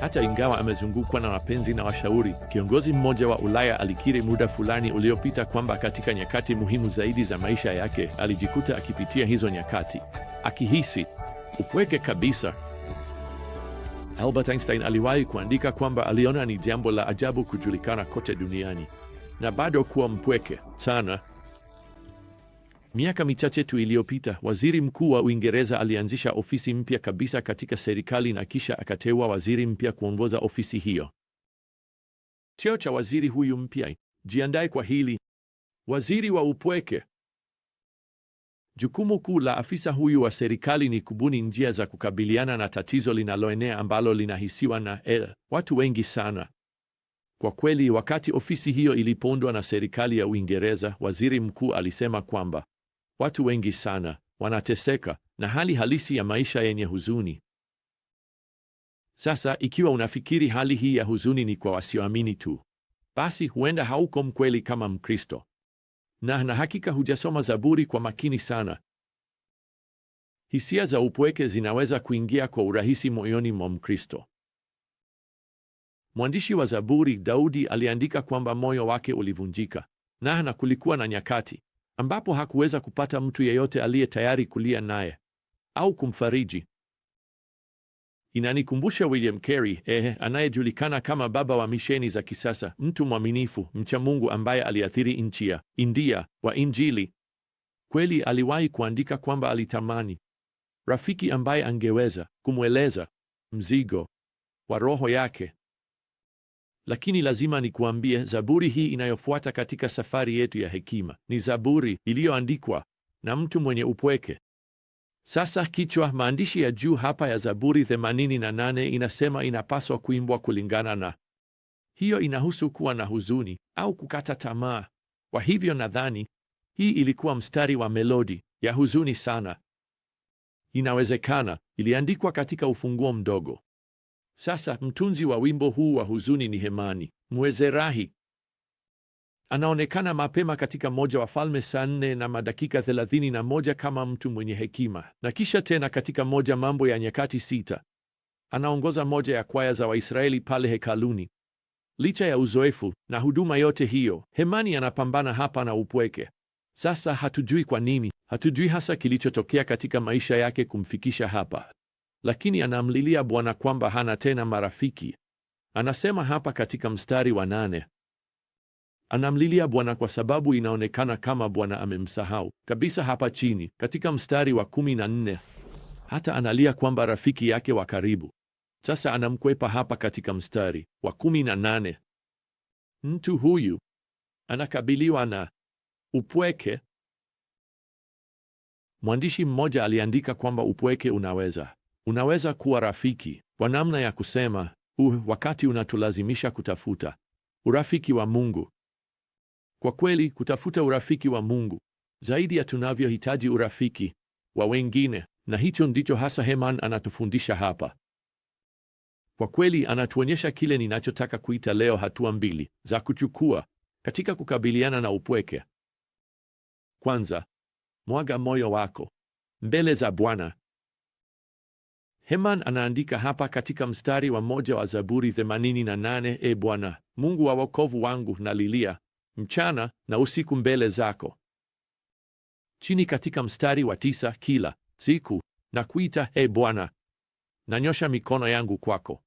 Hata ingawa amezungukwa na wapenzi na washauri, kiongozi mmoja wa Ulaya alikiri muda fulani uliopita kwamba katika nyakati muhimu zaidi za maisha yake alijikuta akipitia hizo nyakati akihisi upweke kabisa. Albert Einstein aliwahi kuandika kwamba aliona ni jambo la ajabu kujulikana kote duniani na bado kuwa mpweke sana. Miaka michache tu iliyopita, waziri mkuu wa Uingereza alianzisha ofisi mpya kabisa katika serikali na kisha akateua waziri mpya kuongoza ofisi hiyo. Cheo cha waziri huyu mpya, jiandae kwa hili, waziri wa upweke. Jukumu kuu la afisa huyu wa serikali ni kubuni njia za kukabiliana na tatizo linaloenea ambalo linahisiwa na l watu wengi sana. Kwa kweli, wakati ofisi hiyo ilipoundwa na serikali ya Uingereza, waziri mkuu alisema kwamba Watu wengi sana wanateseka na hali halisi ya maisha yenye huzuni. Sasa ikiwa unafikiri hali hii ya huzuni ni kwa wasioamini tu, basi huenda hauko mkweli kama Mkristo na na hakika hujasoma Zaburi kwa makini sana. Hisia za upweke zinaweza kuingia kwa urahisi moyoni mwa Mkristo. Mwandishi wa Zaburi Daudi aliandika kwamba moyo wake ulivunjika, na na kulikuwa na nyakati ambapo hakuweza kupata mtu yeyote aliye tayari kulia naye au kumfariji. Inanikumbusha William Carey, ehe, anayejulikana kama baba wa misheni za kisasa, mtu mwaminifu, mcha Mungu ambaye aliathiri nchi ya India wa Injili. Kweli aliwahi kuandika kwamba alitamani rafiki ambaye angeweza kumweleza mzigo wa roho yake lakini lazima nikuambie, zaburi hii inayofuata katika safari yetu ya hekima ni zaburi iliyoandikwa na mtu mwenye upweke. Sasa kichwa maandishi ya juu hapa ya Zaburi 88 inasema inapaswa kuimbwa kulingana na hiyo. Inahusu kuwa na huzuni au kukata tamaa. Kwa hivyo nadhani hii ilikuwa mstari wa melodi ya huzuni sana. Inawezekana iliandikwa katika ufunguo mdogo sasa mtunzi wa wimbo huu wa huzuni ni Hemani Mwezerahi. Anaonekana mapema katika moja wa Falme saa nne na madakika thelathini na moja kama mtu mwenye hekima, na kisha tena katika moja Mambo ya Nyakati sita anaongoza moja ya kwaya za Waisraeli pale hekaluni. Licha ya uzoefu na huduma yote hiyo, Hemani anapambana hapa na upweke. Sasa hatujui kwa nini, hatujui hasa kilichotokea katika maisha yake kumfikisha hapa, lakini anamlilia Bwana kwamba hana tena marafiki. Anasema hapa katika mstari wa nane, anamlilia Bwana kwa sababu inaonekana kama Bwana amemsahau kabisa. Hapa chini katika mstari wa kumi na nne hata analia kwamba rafiki yake wa karibu sasa anamkwepa. Hapa katika mstari wa kumi na nane mtu huyu anakabiliwa na upweke. Mwandishi mmoja aliandika kwamba upweke unaweza Unaweza kuwa rafiki kwa namna ya kusema uh, wakati unatulazimisha kutafuta urafiki wa Mungu. Kwa kweli, kutafuta urafiki wa Mungu zaidi ya tunavyohitaji urafiki wa wengine, na hicho ndicho hasa Heman anatufundisha hapa. Kwa kweli, anatuonyesha kile ninachotaka kuita leo hatua mbili za kuchukua katika kukabiliana na upweke. Kwanza, mwaga moyo wako mbele za Bwana Heman anaandika hapa katika mstari wa moja wa Zaburi 88, E ee Bwana Mungu wa wokovu wangu, nalilia mchana na usiku mbele zako. Chini katika mstari wa tisa, kila siku nakuita, E Bwana, nanyosha mikono yangu kwako.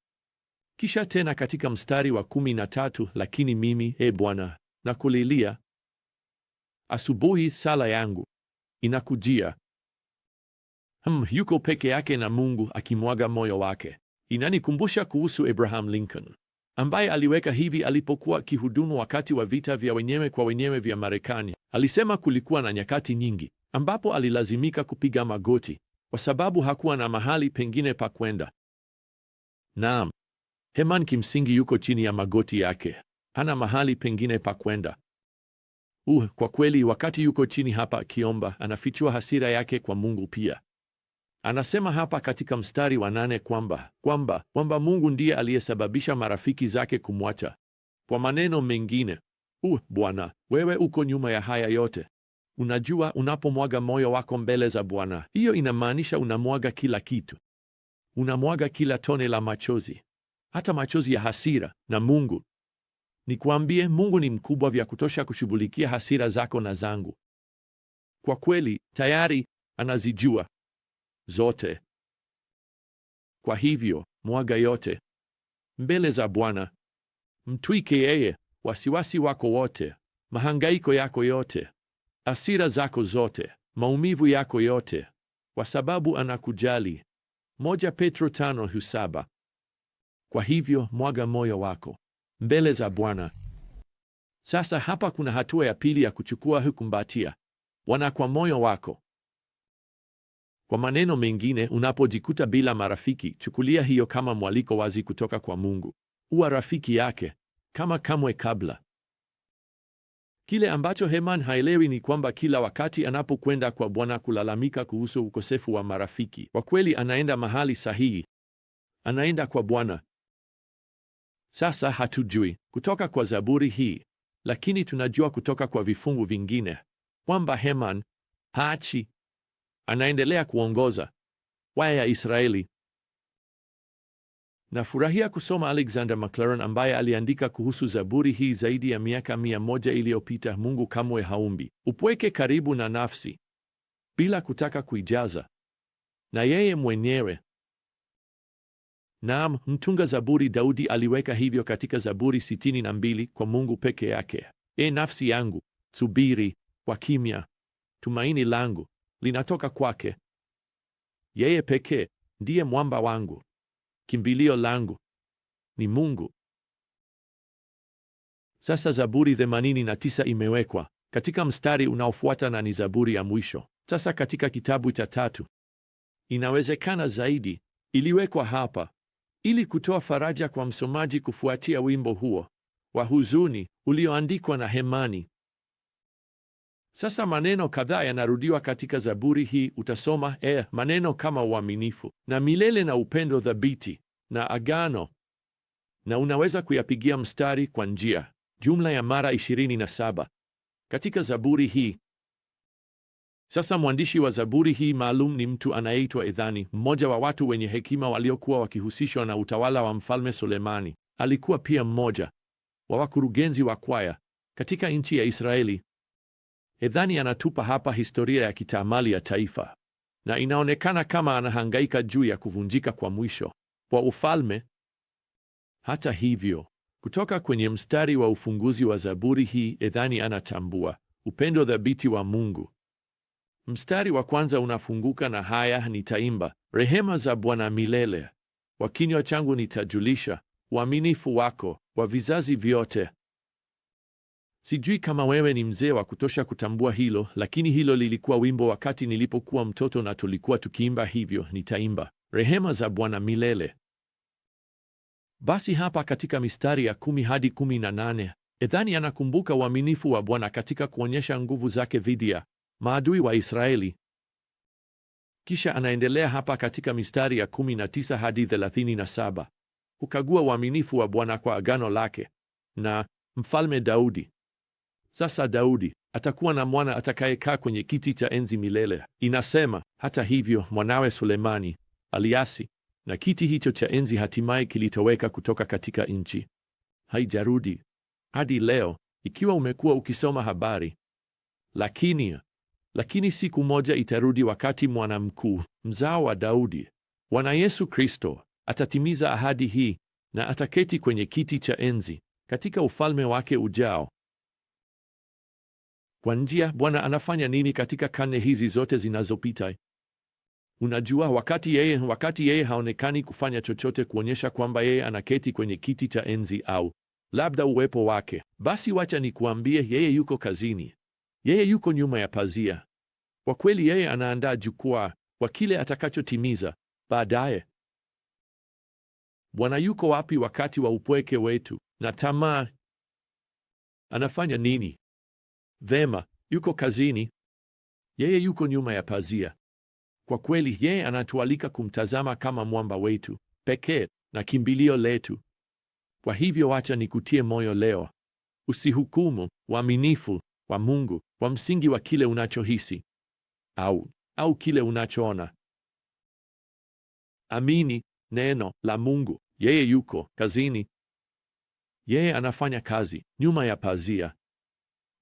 Kisha tena katika mstari wa kumi na tatu, lakini mimi, E Bwana, nakulilia asubuhi, sala yangu inakujia Hmm, yuko peke yake na Mungu akimwaga moyo wake. Inanikumbusha kuhusu Abraham Lincoln ambaye aliweka hivi alipokuwa kihudumu wakati wa vita vya wenyewe kwa wenyewe vya Marekani. Alisema kulikuwa na nyakati nyingi ambapo alilazimika kupiga magoti kwa sababu hakuwa na mahali pengine pa kwenda. Naam, Heman kimsingi yuko chini ya magoti yake, hana mahali pengine pa kwenda. Uh, kwa kweli wakati yuko chini hapa akiomba, anafichua hasira yake kwa Mungu pia. Anasema hapa katika mstari wa nane kwamba kwamba kwamba Mungu ndiye aliyesababisha marafiki zake kumwacha. Kwa maneno mengine, u uh, Bwana wewe uko nyuma ya haya yote. Unajua, unapomwaga moyo wako mbele za Bwana, hiyo inamaanisha unamwaga kila kitu, unamwaga kila tone la machozi, hata machozi ya hasira. Na Mungu, nikwambie, Mungu ni mkubwa vya kutosha kushughulikia hasira zako na zangu. Kwa kweli tayari anazijua zote. Kwa hivyo mwaga yote mbele za Bwana, mtwike yeye wasiwasi wako wote, mahangaiko yako yote, asira zako zote, maumivu yako yote, kwa sababu anakujali. Moja Petro tano husaba. Kwa hivyo mwaga moyo wako mbele za Bwana. Sasa hapa kuna hatua ya pili ya kuchukua hukumbatia Bwana kwa moyo wako. Kwa maneno mengine, unapojikuta bila marafiki, chukulia hiyo kama mwaliko wazi kutoka kwa Mungu. Uwa rafiki yake kama kamwe kabla. Kile ambacho Heman haelewi ni kwamba kila wakati anapokwenda kwa Bwana kulalamika kuhusu ukosefu wa marafiki kwa kweli, anaenda mahali sahihi, anaenda kwa Bwana. Sasa hatujui kutoka kwa Zaburi hii, lakini tunajua kutoka kwa vifungu vingine kwamba Heman haachi anaendelea kuongoza kwaya ya Israeli. Nafurahia kusoma Alexander McLaren ambaye aliandika kuhusu zaburi hii zaidi ya miaka mia moja iliyopita. Mungu kamwe haumbi upweke karibu na nafsi bila kutaka kuijaza na yeye mwenyewe. Naam, mtunga zaburi Daudi aliweka hivyo katika Zaburi 62: kwa Mungu peke yake, e nafsi yangu subiri kwa kimya, tumaini langu linatoka kwake. Yeye pekee ndiye mwamba wangu, kimbilio langu ni Mungu. Sasa Zaburi 89 imewekwa katika mstari unaofuata na ni zaburi ya mwisho sasa katika kitabu cha tatu. Inawezekana zaidi iliwekwa hapa ili kutoa faraja kwa msomaji kufuatia wimbo huo wa huzuni ulioandikwa na Hemani. Sasa maneno kadhaa yanarudiwa katika Zaburi hii. Utasoma eh, maneno kama uaminifu na milele na upendo thabiti na agano, na unaweza kuyapigia mstari kwa njia jumla ya mara 27 katika Zaburi hii. Sasa mwandishi wa Zaburi hii maalum ni mtu anayeitwa Edhani, mmoja wa watu wenye hekima waliokuwa wakihusishwa na utawala wa Mfalme Sulemani. Alikuwa pia mmoja wa wakurugenzi wa kwaya katika nchi ya Israeli. Edhani anatupa hapa historia ya kitaamali ya taifa, na inaonekana kama anahangaika juu ya kuvunjika kwa mwisho wa ufalme. Hata hivyo, kutoka kwenye mstari wa ufunguzi wa Zaburi hii, Edhani anatambua upendo thabiti wa Mungu. Mstari wa kwanza unafunguka na haya: nitaimba rehema za Bwana milele, kwa kinywa changu nitajulisha uaminifu wako wa vizazi vyote. Sijui kama wewe ni mzee wa kutosha kutambua hilo, lakini hilo lilikuwa wimbo wakati nilipokuwa mtoto, na tulikuwa tukiimba hivyo, nitaimba rehema za Bwana milele. Basi hapa katika mistari ya kumi hadi kumi na nane Ethani anakumbuka uaminifu wa Bwana katika kuonyesha nguvu zake dhidi ya maadui wa Israeli. Kisha anaendelea hapa katika mistari ya 19 hadi 37 kukagua uaminifu wa Bwana kwa agano lake na Mfalme Daudi. Sasa Daudi atakuwa na mwana atakayekaa kwenye kiti cha enzi milele. Inasema hata hivyo, mwanawe Sulemani aliasi na kiti hicho cha enzi hatimaye kilitoweka kutoka katika nchi, haijarudi hadi leo, ikiwa umekuwa ukisoma habari. Lakini lakini siku moja itarudi, wakati mwana mkuu mzao wa Daudi, Bwana Yesu Kristo, atatimiza ahadi hii na ataketi kwenye kiti cha enzi katika ufalme wake ujao. Kwa njia, Bwana anafanya nini katika karne hizi zote zinazopita? Unajua, wakati yeye wakati yeye haonekani kufanya chochote kuonyesha kwamba yeye anaketi kwenye kiti cha enzi au labda uwepo wake, basi wacha nikuambie, yeye yuko kazini, yeye yuko nyuma ya pazia. Kwa kweli, yeye anaandaa jukwaa kwa kile atakachotimiza baadaye. Bwana yuko wapi wakati wa upweke wetu na tamaa? Anafanya nini Vema, yuko kazini. Yeye yuko nyuma ya pazia. Kwa kweli, yeye anatualika kumtazama kama mwamba wetu pekee na kimbilio letu. Kwa hivyo, wacha nikutie moyo leo. Usihukumu. Uaminifu wa Mungu kwa msingi wa kile unachohisi au au kile unachoona. Amini neno la Mungu. Yeye yuko kazini. Yeye anafanya kazi nyuma ya pazia.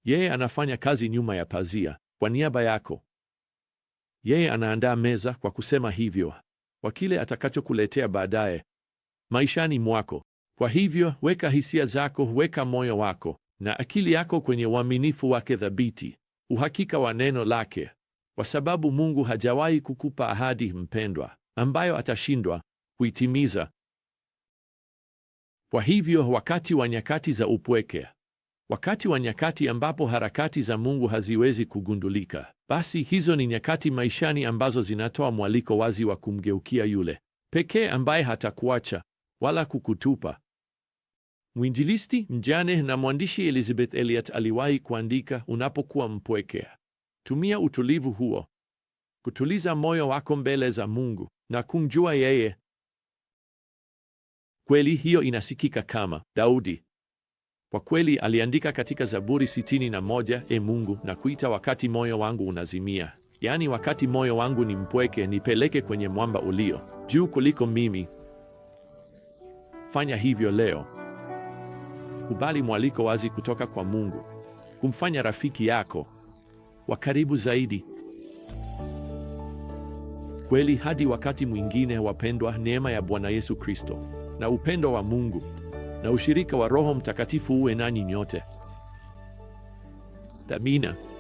Yeye anafanya kazi nyuma ya pazia kwa niaba yako. Yeye anaandaa meza, kwa kusema hivyo, kwa kile atakachokuletea baadaye maishani mwako. Kwa hivyo, weka hisia zako, weka moyo wako na akili yako kwenye uaminifu wake thabiti, uhakika wa neno lake, kwa sababu Mungu hajawahi kukupa ahadi, mpendwa, ambayo atashindwa kuitimiza. Kwa hivyo, wakati wa nyakati za upweke Wakati wa nyakati ambapo harakati za Mungu haziwezi kugundulika, basi hizo ni nyakati maishani ambazo zinatoa mwaliko wazi wa kumgeukia yule pekee ambaye hatakuacha wala kukutupa. Mwinjilisti mjane na mwandishi Elizabeth Elliot aliwahi kuandika, unapokuwa mpwekea, tumia utulivu huo kutuliza moyo wako mbele za Mungu na kumjua yeye. Kweli hiyo inasikika kama Daudi kwa kweli aliandika katika Zaburi sitini na moja, E Mungu, na kuita wakati moyo wangu unazimia, yaani wakati moyo wangu ni mpweke, nipeleke kwenye mwamba ulio juu kuliko mimi. Fanya hivyo leo. Kubali mwaliko wazi kutoka kwa Mungu kumfanya rafiki yako wa karibu zaidi. Kweli, hadi wakati mwingine, wapendwa, neema ya Bwana Yesu Kristo na upendo wa Mungu na ushirika wa Roho Mtakatifu uwe nanyi nyote. Amina.